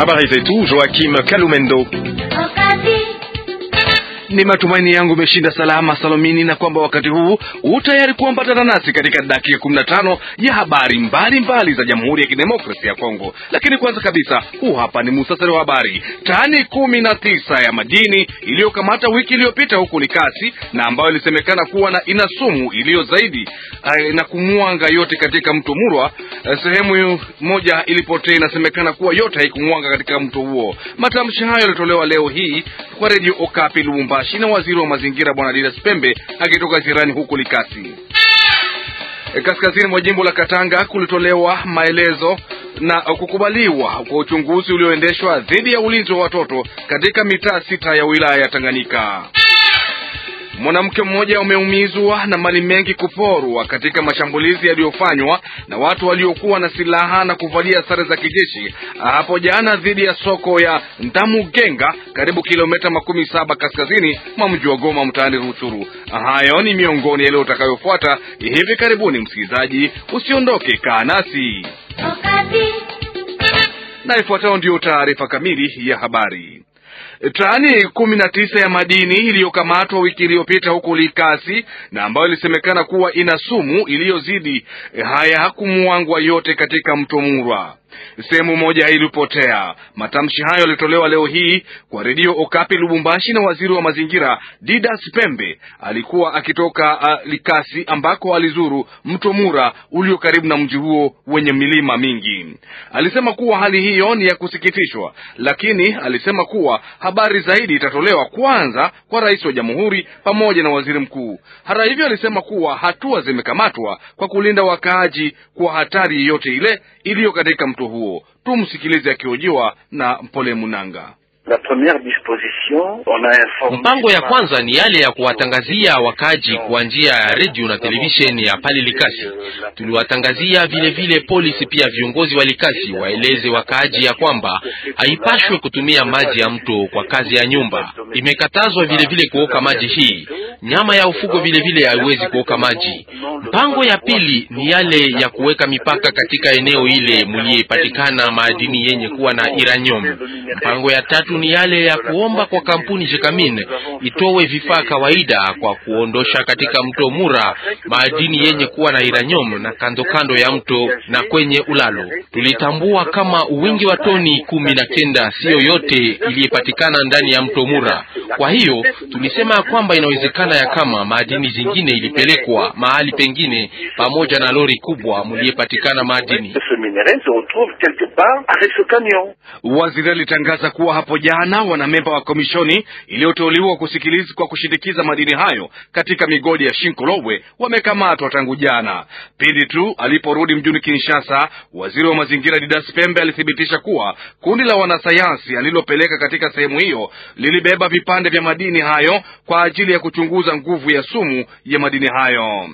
Habari zetu Joakim Kalumendo. Ni matumaini yangu umeshinda salama salomini, na kwamba wakati huu utayari kuambatana nasi katika dakika 15 ya habari mbalimbali mbali za Jamhuri ya Kidemokrasia ya Kongo. Lakini kwanza kabisa, huu hapa ni musasari wa habari. Tani kumi na tisa ya madini iliyokamata wiki iliyopita huku Likasi na ambayo ilisemekana kuwa na ina sumu iliyo zaidi Eh, na kumwanga yote katika mto Murwa. Eh, sehemu moja ilipotea, inasemekana kuwa yote haikumwanga katika mto huo. Matamshi hayo yalitolewa leo hii kwa redio Okapi Lubumbashi na waziri wa mazingira Bwana Didas Pembe akitoka jirani huko Likasi eh, kaskazini mwa jimbo la Katanga kulitolewa maelezo na kukubaliwa kwa uchunguzi ulioendeshwa dhidi ya ulinzi wa watoto katika mitaa sita ya wilaya ya Tanganyika. Mwanamke mmoja umeumizwa na mali mengi kuporwa katika mashambulizi yaliyofanywa na watu waliokuwa na silaha na kuvalia sare za kijeshi hapo jana dhidi ya soko ya Ndamugenga karibu kilomita makumi saba kaskazini mwa mji wa Goma mtaani Ruchuru. Hayo ni miongoni yaliyo utakayofuata hivi karibuni. Msikilizaji, usiondoke, kaa nasi na ifuatayo ndiyo taarifa kamili ya habari tani kumi na tisa ya madini iliyokamatwa wiki iliyopita huko Likasi na ambayo ilisemekana kuwa ina sumu iliyozidi eh, haya kumwangwa yote katika mto Murwa. Sehemu moja ilipotea. Matamshi hayo yalitolewa leo hii kwa redio Okapi Lubumbashi na waziri wa mazingira Didas Pembe alikuwa akitoka Likasi ambako alizuru mto Mura ulio karibu na mji huo wenye milima mingi. Alisema kuwa hali hiyo ni ya kusikitishwa, lakini alisema kuwa habari zaidi itatolewa kwanza kwa rais wa jamhuri pamoja na waziri mkuu. Hata hivyo, alisema kuwa hatua zimekamatwa kwa kulinda wakaaji kwa hatari yoyote ile iliyo katika mto wito huo. Tumsikilize akiojiwa na Mpole Munanga. Mpango ya kwanza ni yale ya kuwatangazia wakaji kwa njia ya redio na televisheni ya pale Likasi. Tuliwatangazia vile vile polisi pia viongozi wa Likasi waeleze wakaaji ya kwamba haipashwe kutumia maji ya mto kwa kazi ya nyumba, imekatazwa vile vile kuoka maji hii nyama ya ufugo vile vile haiwezi kuoka maji. Mpango ya pili ni yale ya kuweka mipaka katika eneo ile mliyepatikana madini yenye kuwa na iranium. Mpango ya tatu ni yale ya kuomba kwa kampuni Jekamin itowe vifaa kawaida kwa kuondosha katika mto Mura madini yenye kuwa na iranium na kando kando ya mto na kwenye ulalo. Tulitambua kama wingi wa toni kumi na kenda siyo yote iliyepatikana ndani ya mto Mura. Kwa hiyo tulisema kwamba inawezekana maana ya kama madini zingine ilipelekwa mahali pengine pamoja na lori kubwa mliyepatikana madini. Waziri alitangaza kuwa hapo jana wanamemba wa komishoni iliyoteuliwa kusikiliza kwa kushindikiza madini hayo katika migodi ya Shinkolobwe wamekamatwa tangu jana. Pindi tu aliporudi mjini Kinshasa, waziri wa mazingira Didas Pembe alithibitisha kuwa kundi la wanasayansi alilopeleka katika sehemu hiyo lilibeba vipande vya madini hayo kwa ajili ya kuchunguza kupunguza nguvu ya sumu ya madini hayo.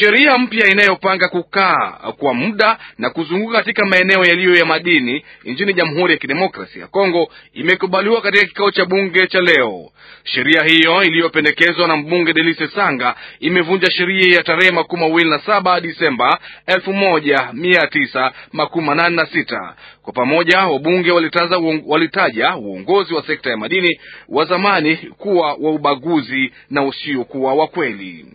Sheria mpya inayopanga kukaa kwa muda na kuzunguka katika maeneo yaliyo ya madini nchini Jamhuri ya Kidemokrasia ya Kongo imekubaliwa katika kikao cha bunge cha leo. Sheria hiyo iliyopendekezwa na mbunge Delise Sanga imevunja sheria ya tarehe makumi mawili na saba Disemba elfu moja mia tisa makumi manane na sita kwa pamoja wabunge walitaja, walitaja uongozi wa sekta ya madini wa zamani kuwa wa ubaguzi na usiokuwa wa kweli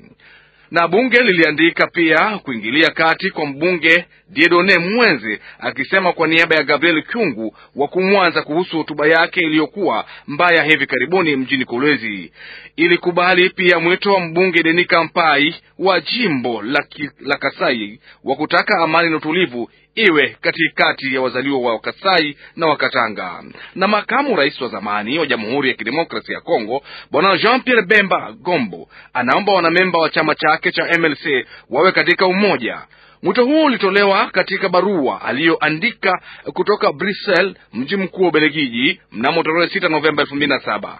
na bunge liliandika pia kuingilia kati kwa mbunge Diedone Mwenzi akisema kwa niaba ya Gabriel Kyungu wa Kumwanza kuhusu hotuba yake iliyokuwa mbaya hivi karibuni mjini Kolwezi. Ilikubali pia mwito wa mbunge Denika Mpai wa jimbo la, Kasai wa kutaka amani na utulivu iwe katikati ya wazaliwa wa Kasai na Wakatanga. Na makamu rais wa zamani wa Jamhuri ya kidemokrasi ya Kongo Bwana Jean Pierre Bemba Gombo anaomba wanamemba wa chama chake cha MLC wawe katika umoja Mwito huo ulitolewa katika barua aliyoandika kutoka Brussels, mji mkuu wa Ubelgiji, mnamo tarehe 6 Novemba 2007.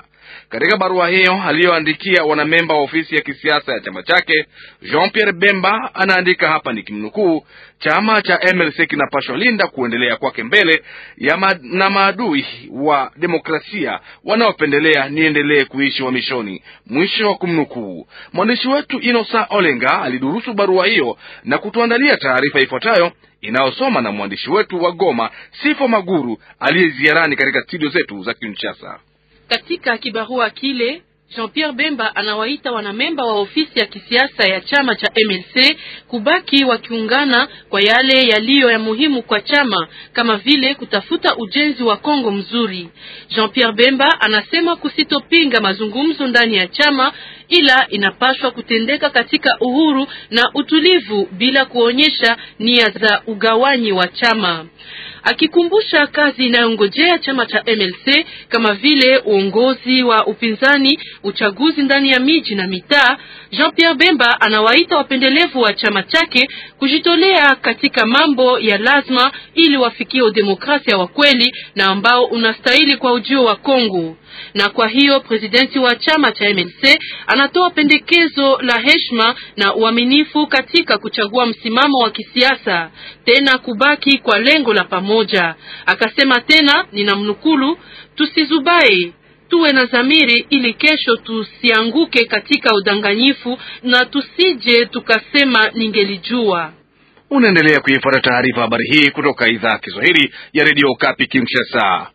Katika barua hiyo aliyoandikia wanamemba wa ofisi ya kisiasa ya chama chake, Jean Pierre Bemba anaandika hapa ni kimnukuu chama cha MLC kinapashwa linda kuendelea kwake mbele ya ma na maadui wa demokrasia wanaopendelea niendelee kuishi mishoni, mwisho wa kumnukuu. Mwandishi wetu Inosa Olenga alidurusu barua hiyo na kutuandalia taarifa ifuatayo inayosoma na mwandishi wetu wa Goma Sifo Maguru aliyeziarani katika studio zetu za Kinshasa. Katika kibarua kile Jean-Pierre Bemba anawaita wanamemba wa ofisi ya kisiasa ya chama cha MLC kubaki wakiungana kwa yale yaliyo ya muhimu kwa chama kama vile kutafuta ujenzi wa Kongo mzuri. Jean-Pierre Bemba anasema kusitopinga mazungumzo ndani ya chama ila inapaswa kutendeka katika uhuru na utulivu bila kuonyesha nia za ugawanyi wa chama akikumbusha kazi inayongojea chama cha MLC kama vile uongozi wa upinzani, uchaguzi ndani ya miji na mitaa, Jean-Pierre Bemba anawaita wapendelevu wa chama chake kujitolea katika mambo ya lazima ili wafikie udemokrasia wa kweli na ambao unastahili kwa ujio wa Kongo. Na kwa hiyo presidenti wa chama cha MLC anatoa pendekezo la heshima na uaminifu katika kuchagua msimamo wa kisiasa, tena kubaki kwa lengo la pamoja. Akasema tena, ninamnukulu, tusizubai tuwe na zamiri ili kesho tusianguke katika udanganyifu na tusije tukasema ningelijua. Unaendelea kuifuata taarifa habari hii kutoka idhaa ya Kiswahili ya redio Kapi Kinshasa.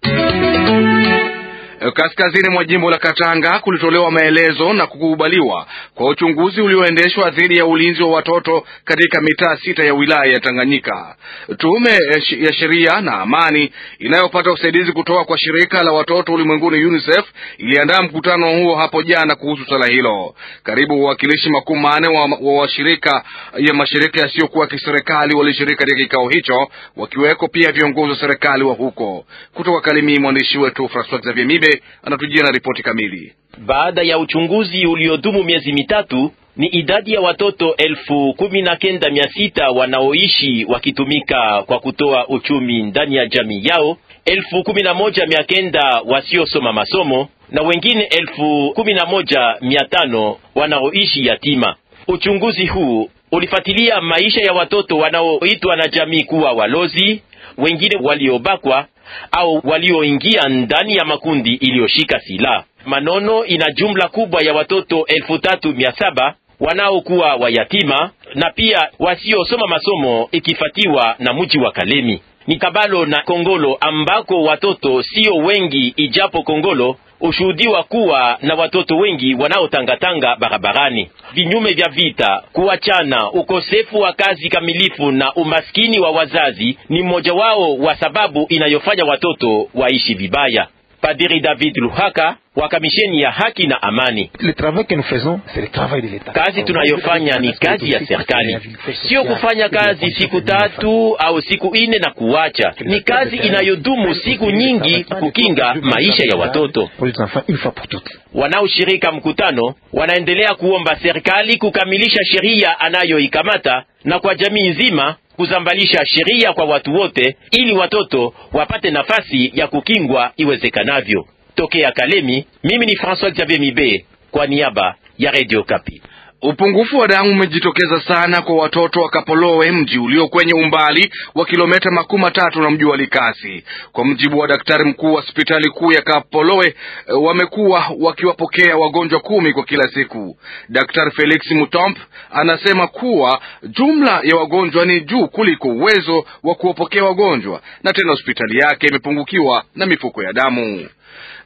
Eh, kaskazini mwa jimbo la Katanga kulitolewa maelezo na kukubaliwa kwa uchunguzi ulioendeshwa dhidi ya ulinzi wa watoto katika mitaa sita ya wilaya ya Tanganyika. Tume eh, ya sheria na amani inayopata usaidizi kutoka kwa shirika la watoto ulimwenguni UNICEF iliandaa mkutano huo hapo jana kuhusu swala hilo. Karibu wawakilishi makumi manne wa washirika ya mashirika yasiyokuwa kiserikali walishiriki katika kikao hicho, wakiweko pia viongozi wa serikali wa huko. Kutoka Kalemie, mwandishi wetu Francois Xavier Mibe Mende anatujia na ripoti kamili. Baada ya uchunguzi uliodumu miezi mitatu ni idadi ya watoto elfu kumi na kenda mia sita wanaoishi wakitumika kwa kutoa uchumi ndani ya jamii yao, elfu kumi na moja mia kenda wasiosoma masomo na wengine elfu kumi na moja mia tano wanaoishi yatima. Uchunguzi huu ulifuatilia maisha ya watoto wanaoitwa na jamii kuwa walozi, wengine waliobakwa au walioingia ndani ya makundi iliyoshika silaha. Manono ina jumla kubwa ya watoto elfu tatu mia saba wanaokuwa wayatima na pia wasiosoma masomo, ikifatiwa na mji wa Kalemi ni Kabalo na Kongolo ambako watoto sio wengi, ijapo Kongolo ushuhudiwa kuwa na watoto wengi wanaotangatanga barabarani, vinyume vya vita, kuachana, ukosefu wa kazi kamilifu na umaskini wa wazazi ni mmoja wao wa sababu inayofanya watoto waishi vibaya. Padiri David Luhaka wa kamisheni ya haki na amani. Kazi tunayofanya ni kazi ya serikali, sio kufanya kazi siku tatu au siku ine na kuwacha. Ni kazi inayodumu siku nyingi kukinga maisha ya watoto wanaoshirika mkutano. Wanaendelea kuomba serikali kukamilisha sheria anayoikamata na kwa jamii nzima kuzambalisha sheria kwa watu wote, ili watoto wapate nafasi ya kukingwa iwezekanavyo. Tokea Kalemi, mimi ni François Xavier Mibe kwa niaba ya Radio Kapi. Upungufu wa damu umejitokeza sana kwa watoto wa Kapolowe, mji ulio kwenye umbali wa kilometa makumi matatu na mji wa Likasi. Kwa mjibu wa daktari mkuu wa hospitali kuu ya Kapolowe, eh, wamekuwa wakiwapokea wagonjwa kumi kwa kila siku. Daktari Felix Mutomp anasema kuwa jumla ya wagonjwa ni juu kuliko uwezo wa kuwapokea wagonjwa, na tena hospitali yake imepungukiwa na mifuko ya damu.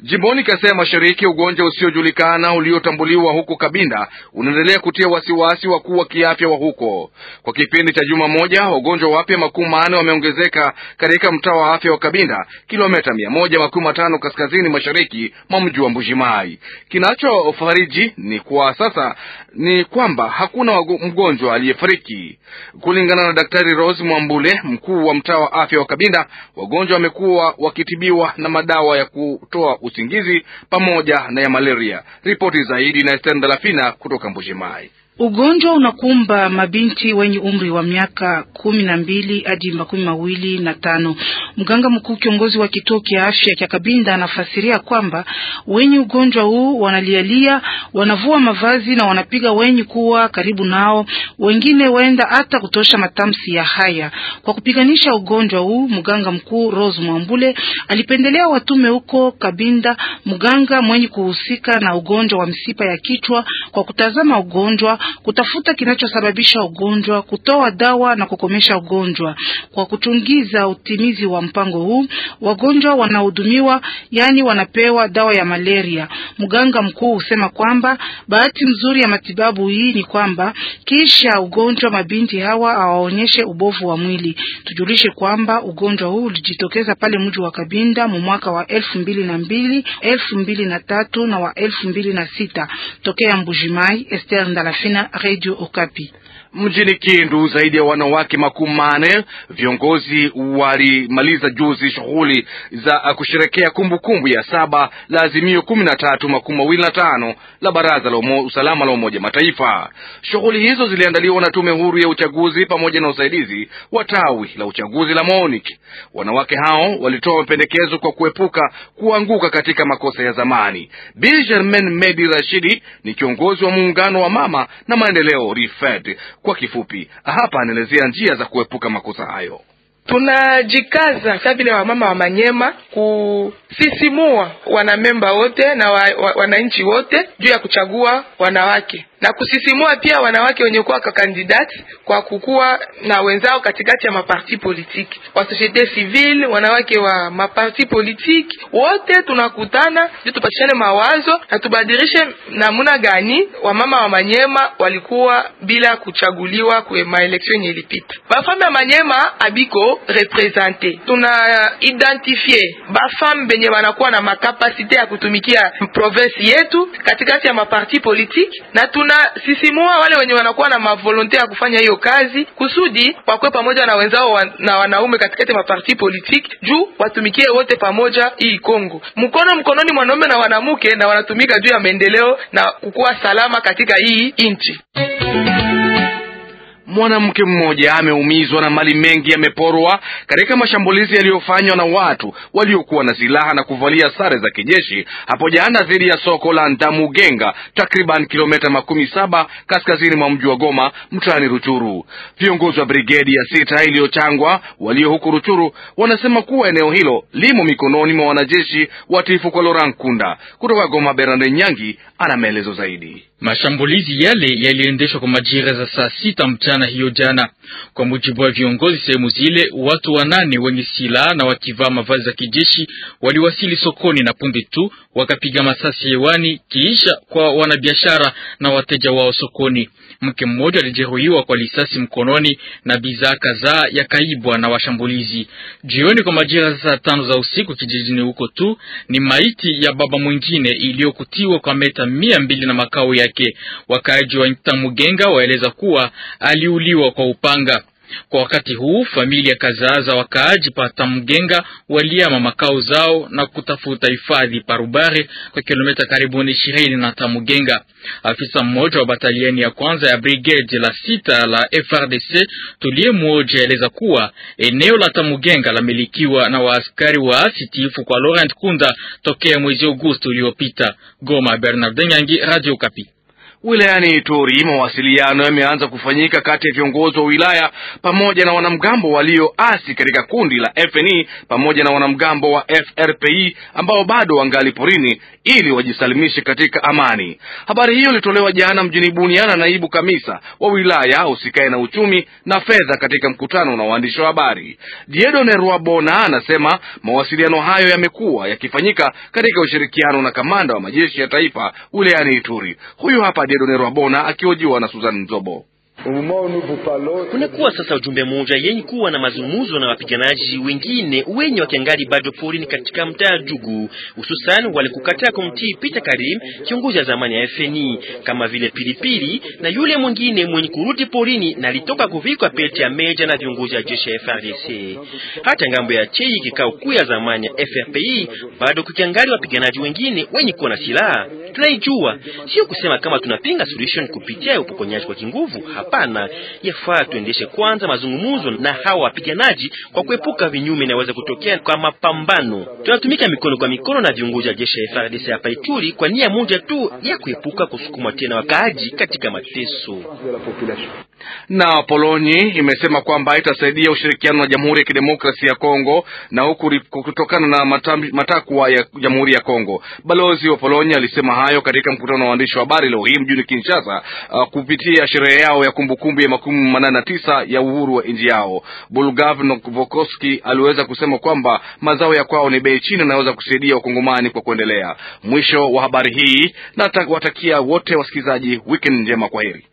Jimboni Kasai Mashariki, ugonjwa usiojulikana uliotambuliwa huko Kabinda unaendelea kutia wasiwasi wakuu wa kiafya wa huko. Kwa kipindi cha juma moja, wagonjwa wapya makumi manne wameongezeka katika mtaa wa afya wa Kabinda, kilometa mia moja makumi matano kaskazini mashariki mwa mji wa Mbujimai. Kinachofariji ni kwa sasa ni kwamba hakuna mgonjwa aliyefariki, kulingana na Daktari Rose Mwambule, mkuu wa mtaa wa afya wa Kabinda. Wagonjwa wamekuwa wakitibiwa na madawa ya kutoa usingizi pamoja na ya malaria. Ripoti zaidi na Esther lafina kutoka Mbuji Mai. Ugonjwa unakumba mabinti wenye umri wa miaka kumi na mbili hadi makumi mawili na tano. Mganga mkuu kiongozi wa kituo cha afya cha Kabinda anafasiria kwamba wenye ugonjwa huu wanalialia, wanavua mavazi na wanapiga wenye kuwa karibu nao, wengine wenda hata kutosha matamsi ya haya. Kwa kupiganisha ugonjwa huu, mganga mkuu Rose Mwambule alipendelea watume huko Kabinda mganga mwenye kuhusika na ugonjwa wa msipa ya kichwa kwa kutazama ugonjwa kutafuta kinachosababisha ugonjwa, kutoa dawa na kukomesha ugonjwa. Kwa kuchungiza utimizi wa mpango huu, wagonjwa wanahudumiwa, yaani wanapewa dawa ya malaria. Mganga mkuu husema kwamba bahati nzuri ya matibabu hii ni kwamba kisha ugonjwa mabinti hawa hawaonyeshe ubovu wa mwili. Tujulishe kwamba ugonjwa huu ulijitokeza pale mji wa Kabinda mu mwaka wa elfu mbili na mbili, elfu mbili na tatu na wa elfu mbili na sita tokea Mbujimai. Esther Ndalafina Radio Okapi. mjini Kindu. Zaidi ya wanawake makumi mane viongozi walimaliza juzi shughuli za kusherekea kumbukumbu ya saba la azimio kumi na tatu makumi mawili na tano la baraza la umo, usalama la Umoja Mataifa. Shughuli hizo ziliandaliwa na tume huru ya uchaguzi pamoja na usaidizi wa tawi la uchaguzi la monik Wanawake hao walitoa mapendekezo kwa kuepuka kuanguka katika makosa ya zamani. Bi germain Medi Rashidi ni kiongozi wa muungano wa mama na maendeleo Rifed kwa kifupi, hapa anaelezea njia za kuepuka makosa hayo. Tunajikaza saa vile wamama wa Manyema kusisimua wanamemba wote na wa, wa, wananchi wote juu ya kuchagua wanawake na kusisimua pia wanawake wenye kuwa kakandidati kwa kukuwa na wenzao katikati ya maparti politiki, wa societe civile, wanawake wa maparti politiki, wote tunakutana ili tupatishane mawazo na tubadilishe namuna gani wamama wa Manyema walikuwa bila kuchaguliwa kwe maeleksio yenye ilipita. Bafame ya Manyema abiko represente, tuna identifie bafame benye wanakuwa na makapasite ya kutumikia province yetu katikati ya maparti politiki na tuna tunasisimua wale wenye wanakuwa na mavolonte ya kufanya hiyo kazi kusudi wakwe pamoja na wenzao wa, na wanaume katikati maparti politiki juu watumikie wote pamoja hii Kongo, mkono mkononi, mwanaume na wanamke, na wanatumika juu ya maendeleo na kukuwa salama katika hii nchi. Mwanamke mmoja ameumizwa na mali mengi yameporwa katika mashambulizi yaliyofanywa na watu waliokuwa na silaha na kuvalia sare za kijeshi hapo jana dhidi ya soko la Ndamugenga, takriban kilomita makumi saba kaskazini mwa mji wa Goma, mtaani Ruchuru. Viongozi wa brigedi ya sita iliyochangwa walio huku Ruchuru wanasema kuwa eneo hilo limo mikononi mwa wanajeshi watifu kwa loran kunda Kutoka Goma, Bernard Nyangi ana maelezo zaidi. Mashambulizi yale yaliendeshwa kwa majira za saa sita mchana hiyo jana. Kwa mujibu wa viongozi sehemu zile, watu wanane wenye silaha na wakivaa mavazi ya kijeshi waliwasili sokoni na punde tu wakapiga masasi hewani, kiisha kwa wanabiashara na wateja wao sokoni. Mke mmoja alijeruhiwa kwa lisasi mkononi na bidhaa kadhaa yakaibwa na washambulizi. Jioni kwa majira za saa tano za usiku, kijijini huko tu, ni maiti ya baba mwingine iliyokutiwa kwa meta mia mbili na makao ya yake. Wakaaji wa Ntamugenga waeleza kuwa aliuliwa kwa upanga. Kwa wakati huu familia kadhaa za wakaaji pa Tamugenga waliama makao zao na kutafuta hifadhi Parubare kwa kilomita karibuni ishirini na Tamugenga. Afisa mmoja wa batalieni ya kwanza ya brigade la sita la FRDC tulie mmoja eleza kuwa eneo la Tamugenga lamilikiwa na waaskari waasi tiifu kwa Laurent Kunda tokea mwezi Agosti uliopita. Goma, Bernard Nyangi, Radio Kapi. Wilayani Ituri, mawasiliano yameanza kufanyika kati ya viongozi wa wilaya pamoja na wanamgambo walioasi katika kundi la FNI e pamoja na wanamgambo wa FRPI ambao bado wangali porini ili wajisalimishe katika amani. Habari hiyo ilitolewa jana mjini Bunia na naibu kamisa wa wilaya usikae na uchumi na fedha katika mkutano na waandishi wa habari. Diedone Rwabona anasema mawasiliano hayo yamekuwa yakifanyika katika ushirikiano na kamanda wa majeshi ya taifa wilayani Ituri. Huyu hapa Dieudonne Rwabona akihojiwa na Susan Zobo. Kunakuwa sasa ujumbe mmoja yenye kuwa na mazungumzo na wapiganaji wengine wenye wakiangali bado porini katika mtaa Jugu, hususan wale kukataa kumtii Peter Karim, kiongozi wa zamani ya FNI, kama vile Pilipili na yule mwingine mwenye kurudi porini na alitoka kuvikwa pete ya meja na viongozi wa jeshi ya FRDC. Hata ngambo ya chei kikao kuu ya zamani ya FRPI bado kukiangali wapiganaji wengine wenye kuwa na silaha. Tunaijua, sio kusema kama tunapinga solution kupitia upokonyaji kwa kinguvu. hapa Hapana, yafaa tuendeshe kwanza mazungumzo na hawa wapiganaji kwa kuepuka vinyume inaweza kutokea kwa mapambano. Tunatumika mikono kwa mikono na viongozi wa jeshi la FARDC hapa Ituri kwa nia moja tu ya kuepuka kusukumwa tena wakaaji katika mateso. Na Poloni imesema kwamba itasaidia ushirikiano na Jamhuri ya Kidemokrasia ya Kongo na huku kutokana na matakwa ya Jamhuri ya Kongo. Balozi wa Poloni alisema hayo katika mkutano wa waandishi wa habari leo hii mjini Kinshasa, uh, kupitia sherehe yao ya kumbukumbu ya makumi manane na tisa ya uhuru wa nji yao. Bulgav Novokoski aliweza kusema kwamba mazao ya kwao ni bei chini, anaweza kusaidia wakongomani kwa kuendelea. Mwisho wa habari hii, na watakia wote wasikilizaji wikend njema. Kwa heri.